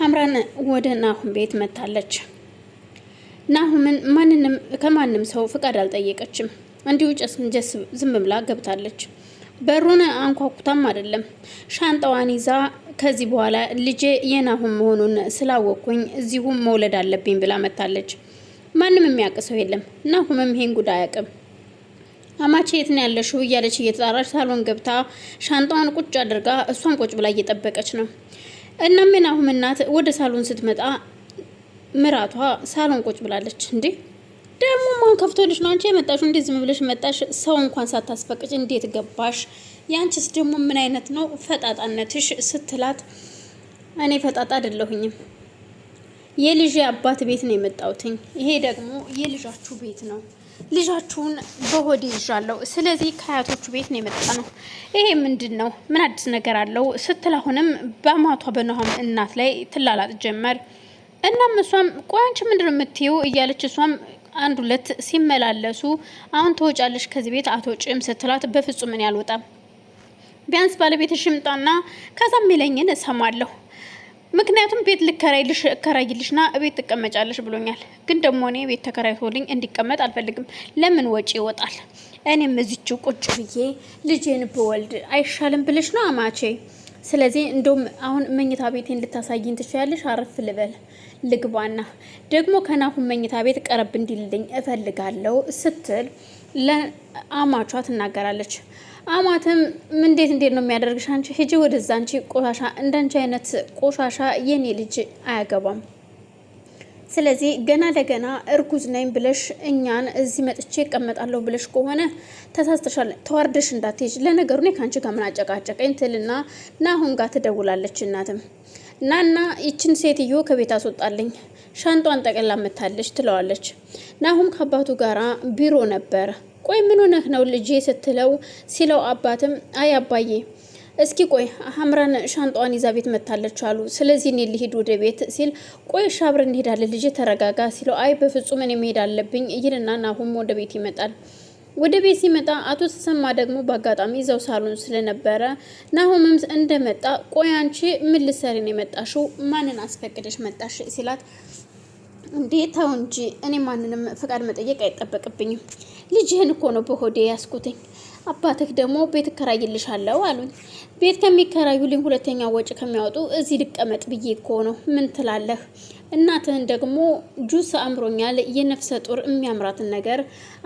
ሀምራን ወደ ናሁም ቤት መታለች። ናሁምን ማንንም ከማንም ሰው ፍቃድ አልጠየቀችም። እንዲሁ ጨስ ዝም ብላ ገብታለች። በሩን አንኳኩታም አይደለም። ሻንጣዋን ይዛ ከዚህ በኋላ ልጄ የናሁም መሆኑን ስላወቅኩኝ እዚሁም መውለድ አለብኝ ብላ መታለች። ማንም የሚያውቅ ሰው የለም። ናሁምም ይሄን ጉዳይ አያውቅም። አማቼ የት ነው ያለሽው? እያለች እየተጣራች ሳሎን ገብታ ሻንጣዋን ቁጭ አድርጋ እሷን ቁጭ ብላ እየጠበቀች ነው። ምን አሁን እናት ወደ ሳሎን ስትመጣ ምራቷ ሳሎን ቁጭ ብላለች። እንዴ ደግሞ ማን ከፍቶልሽ ነው አንቺ የመጣሽ? እንዴት ዝም ብለሽ መጣሽ? ሰው እንኳን ሳታስፈቅጭ እንዴት ገባሽ? ያንቺስ ደግሞ ምን አይነት ነው ፈጣጣነትሽ? ስትላት እኔ ፈጣጣ አይደለሁኝም የልጅ አባት ቤት ነው የመጣሁትኝ። ይሄ ደግሞ የልጃችሁ ቤት ነው ልጃችሁን በሆዴ ይዣለሁ። ስለዚህ ከአያቶቹ ቤት ነው የመጣ ነው። ይሄ ምንድን ነው? ምን አዲስ ነገር አለው ስትል አሁንም በአማቷ በነሆም እናት ላይ ትላላጥ ጀመር። እናም እሷም ቆይ አንቺ ምንድን ነው የምትይው እያለች እሷም አንድ ሁለት ሲመላለሱ አሁን ትወጫለሽ ከዚህ ቤት አትወጪም ስትላት በፍጹም እኔ አልወጣም ቢያንስ ባለቤትሽ ይምጣና ከዛም ይለኝን እሰማለሁ ምክንያቱም ቤት ልከራይልሽ እከራይልሽና ቤት ትቀመጫለሽ ብሎኛል። ግን ደግሞ እኔ ቤት ተከራይቶልኝ እንዲቀመጥ አልፈልግም። ለምን ወጪ ይወጣል? እኔም እዚችው ቁጭ ብዬ ልጄን ብወልድ አይሻልም ብልሽ ነው አማቼ። ስለዚህ እንደውም አሁን መኝታ ቤቴን ልታሳይኝ ትችላለሽ። አረፍ ልበል ልግባና ደግሞ ከናሁን መኝታ ቤት ቀረብ እንዲልልኝ እፈልጋለሁ ስትል ለአማቿ ትናገራለች። አማትም እንዴት እንዴት ነው የሚያደርግሽ? አንቺ ሂጂ ወደዛ አንቺ ቆሻሻ፣ እንዳንቺ አይነት ቆሻሻ የኔ ልጅ አያገባም። ስለዚህ ገና ለገና እርጉዝ ነኝ ብለሽ እኛን እዚህ መጥቼ እቀመጣለሁ ብለሽ ከሆነ ተሳስተሻል፣ ተዋርደሽ እንዳትሄጂ። ለነገሩ እኔ ከአንቺ ጋር ምን አጨቃጨቀኝ ትልና ናሁን ጋር ትደውላለች እናትም ናና ይችን ሴትዮ ከቤት አስወጣልኝ፣ ሻንጧን ጠቅላ መታለች ትለዋለች። ናሁም ከአባቱ ጋራ ቢሮ ነበር ቆይ ምን ሆነህ ነው ልጄ ስትለው ሲለው አባትም አይ አባዬ እስኪ ቆይ ሀምራን ሻንጧን ይዛ ቤት መታለች አሉ። ስለዚህ እኔ ልሂድ ወደ ቤት ሲል ቆይ ሻብር እንሄዳለን ልጄ ተረጋጋ ሲለው አይ በፍጹም እኔ መሄድ አለብኝ ይልና ናሁም ወደ ቤት ይመጣል። ወደ ቤት ሲመጣ አቶ ተሰማ ደግሞ በአጋጣሚ እዛው ሳሎን ስለነበረ ናሆምም እንደመጣ ቆያንቺ ምን ልትሰሪ ነው የመጣሽው? ማንን አስፈቅደሽ መጣሽ? ሲላት እንዴ ተው እንጂ እኔ ማንንም ፍቃድ መጠየቅ አይጠበቅብኝም። ልጅህን እኮ ነው በሆዴ ያስኩትኝ አባትህ ደግሞ ቤት እከራይልሻለሁ አሉኝ። ቤት ከሚከራዩልኝ ሁለተኛ ወጪ ከሚያወጡ እዚህ ልቀመጥ ብዬ እኮ ነው። ምን ትላለህ? እናትህን ደግሞ ጁስ አምሮኛል፣ የነፍሰ ጡር የሚያምራትን ነገር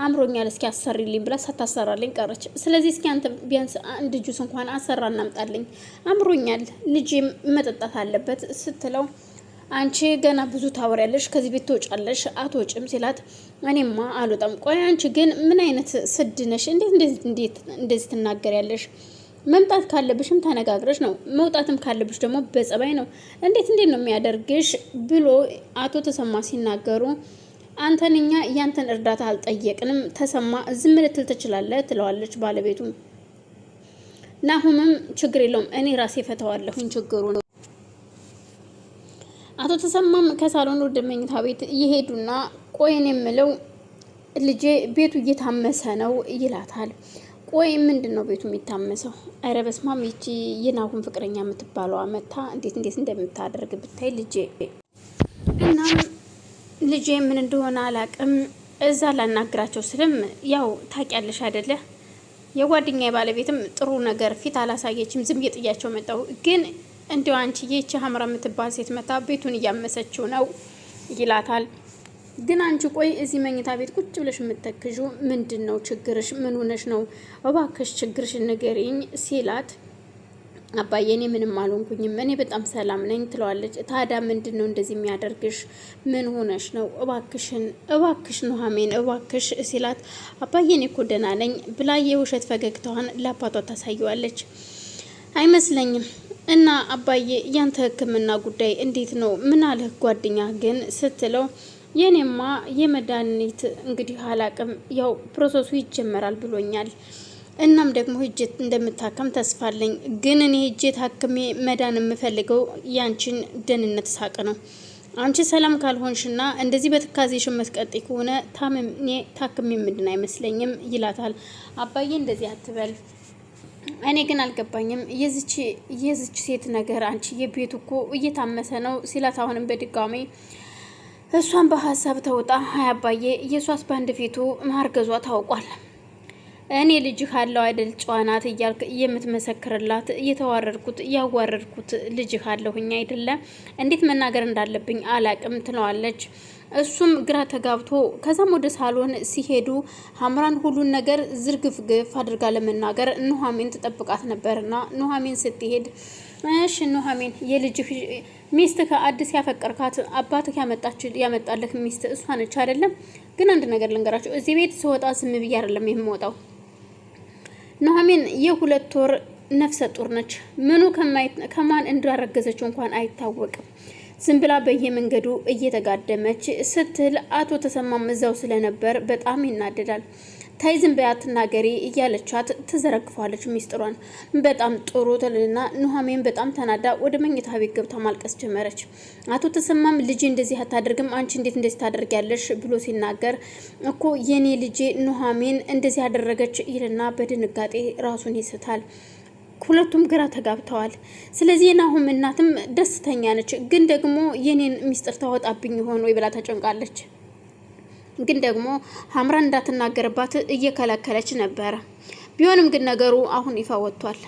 አምሮኛል፣ እስኪ አሰሪልኝ ብላ ሳታሰራልኝ ቀረች። ስለዚህ እስኪ አንተ ቢያንስ አንድ ጁስ እንኳን አሰራ እናምጣልኝ፣ አምሮኛል፣ ልጄም መጠጣት አለበት ስትለው አንቺ ገና ብዙ ታወሪያለሽ፣ ከዚህ ቤት ትወጫለሽ፣ አትወጭም ሲላት እኔማ አልወጣም። ቆይ አንቺ ግን ምን አይነት ስድ ነሽ? እንዴት እንዴት እንደዚህ ትናገሪያለሽ? መምጣት ካለብሽም ተነጋግረሽ ነው፣ መውጣትም ካለብሽ ደግሞ በጸባይ ነው። እንዴት እንዴት ነው የሚያደርግሽ ብሎ አቶ ተሰማ ሲናገሩ አንተን እኛ ያንተን እርዳታ አልጠየቅንም ተሰማ፣ ዝም ልትል ትችላለህ ትለዋለች ባለቤቱ ናሁምም ችግር የለውም እኔ ራሴ ፈተዋለሁኝ ችግሩ ነው አቶ ተሰማም ከሳሎን ወደ መኝታ ቤት ይሄዱና ቆይን የምለው ልጄ ቤቱ እየታመሰ ነው ይላታል። ቆይ ምንድን ነው ቤቱ የሚታመሰው? ኧረ በስመ አብ ይቺ የናሁን ፍቅረኛ የምትባለው አመታ እንዴት እንዴት እንደምታደርግ ብታይ ልጄ። እናም ልጄ ምን እንደሆነ አላቅም። እዛ ላናግራቸው ስልም ያው ታውቂያለሽ አይደለ የጓደኛ ባለቤትም ጥሩ ነገር ፊት አላሳየችም። ዝም እየጥያቸው መጣው ግን እንዲሁ አንቺ ይቺ ሀምራ የምትባል ሴት መታ ቤቱን እያመሰችው ነው ይላታል። ግን አንቺ ቆይ እዚህ መኝታ ቤት ቁጭ ብለሽ የምትተክዡ ምንድን ነው ችግርሽ? ምን ሆነሽ ነው? እባክሽ ችግርሽ ንገሪኝ ሲላት አባዬ እኔ ምንም አልሆንኩኝም፣ እኔ በጣም ሰላም ነኝ ትለዋለች። ታዲያ ምንድን ነው እንደዚህ የሚያደርግሽ? ምን ሆነሽ ነው? እባክሽን እባክሽ ኑሐሚን እባክሽ ሲላት አባዬ እኔ እኮ ደህና ነኝ ብላ የውሸት ፈገግታዋን ለአባቷ ታሳየዋለች። አይመስለኝም እና አባዬ ያንተ ህክምና ጉዳይ እንዴት ነው? ምን አለህ ጓደኛ ግን ስትለው የኔማ የመድኃኒት እንግዲህ አላቅም ያው ፕሮሰሱ ይጀመራል ብሎኛል። እናም ደግሞ ህጅት እንደምታከም ተስፋለኝ ግን እኔ ህጅት ታክሜ መዳን የምፈልገው ያንቺን ደህንነት ሳቅ ነው። አንቺ ሰላም ካልሆንሽና እንደዚህ በትካዜሽ የምትቀጤ ከሆነ ታምሜ ታክሜ ምንድን አይመስለኝም ይላታል። አባዬ እንደዚህ አትበል እኔ ግን አልገባኝም። የዝች ሴት ነገር አንቺ የቤቱ እኮ እየታመሰ ነው ሲላት አሁንም በድጋሚ እሷን በሀሳብ ተውጣ ሀያ አባዬ የእሷስ በአንድ ፊቱ ማርገዟ ታውቋል። እኔ ልጅ ካለው አይደል ጨዋናት እያልክ የምትመሰክርላት እየተዋረድኩት እያዋረድኩት ልጅ ካለሁኝ አይደለም እንዴት መናገር እንዳለብኝ አላቅም ትለዋለች። እሱም ግራ ተጋብቶ ከዛም ወደ ሳሎን ሲሄዱ ሀምራን ሁሉን ነገር ዝርግፍግፍ አድርጋ ለመናገር ኑሐሚን ትጠብቃት ነበርና ኑሐሚን ስትሄድ እሺ ኑሐሚን የልጅ ሚስት ከአዲስ ያፈቀርካት አባትህ ያመጣልህ ሚስት እሷ ነች አይደለም? ግን አንድ ነገር ልንገራቸው፣ እዚህ ቤት ስወጣ ዝም ብዬ አይደለም የምወጣው ኑሐሚን የሁለት ወር ነፍሰ ጡር ነች። ምኑ ከማን እንዳረገዘችው እንኳን አይታወቅም። ዝም ብላ በየመንገዱ እየተጋደመች ስትል አቶ ተሰማም እዛው ስለነበር በጣም ይናደዳል። ተይ ዝም በይ አትናገሪ እያለቻት ትዘረግፋለች ሚስጥሯን። በጣም ጥሩ ትልና ኑሐሚን በጣም ተናዳ ወደ መኝታ ቤት ገብታ ማልቀስ ጀመረች። አቶ ተሰማም ልጄ እንደዚህ አታደርግም፣ አንቺ እንዴት እንደዚህ ታደርጊያለሽ ብሎ ሲናገር እኮ የኔ ልጄ ኑሐሚን እንደዚህ ያደረገች ይልና በድንጋጤ ራሱን ይስታል። ሁለቱም ግራ ተጋብተዋል። ስለዚህ የናሁም እናትም ደስተኛ ነች፣ ግን ደግሞ የኔን ሚስጥር ታወጣብኝ ይሆን ወይ ብላ ተጨንቃለች። ግን ደግሞ ሀምራን እንዳትናገርባት እየከለከለች ነበረ። ቢሆንም ግን ነገሩ አሁን ይፋ ወጥቷል።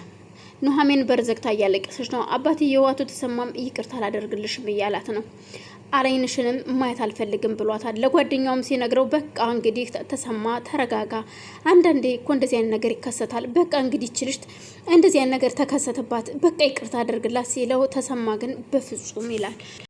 ኑሐሚን በር ዘግታ እያለቀሰች ነው። አባትየው አቶ ተሰማም ይቅርታ አላደርግልሽም እያላት ነው። አይንሽንም ማየት አልፈልግም ብሏታል። ለጓደኛውም ሲነግረው በቃ እንግዲህ ተሰማ ተረጋጋ፣ አንዳንዴ እኮ እንደዚህ አይነት ነገር ይከሰታል። በቃ እንግዲህ ይችልሽ እንደዚህ አይነት ነገር ተከሰተባት፣ በቃ ይቅርታ አደርግላት ሲለው ተሰማ ግን በፍጹም ይላል።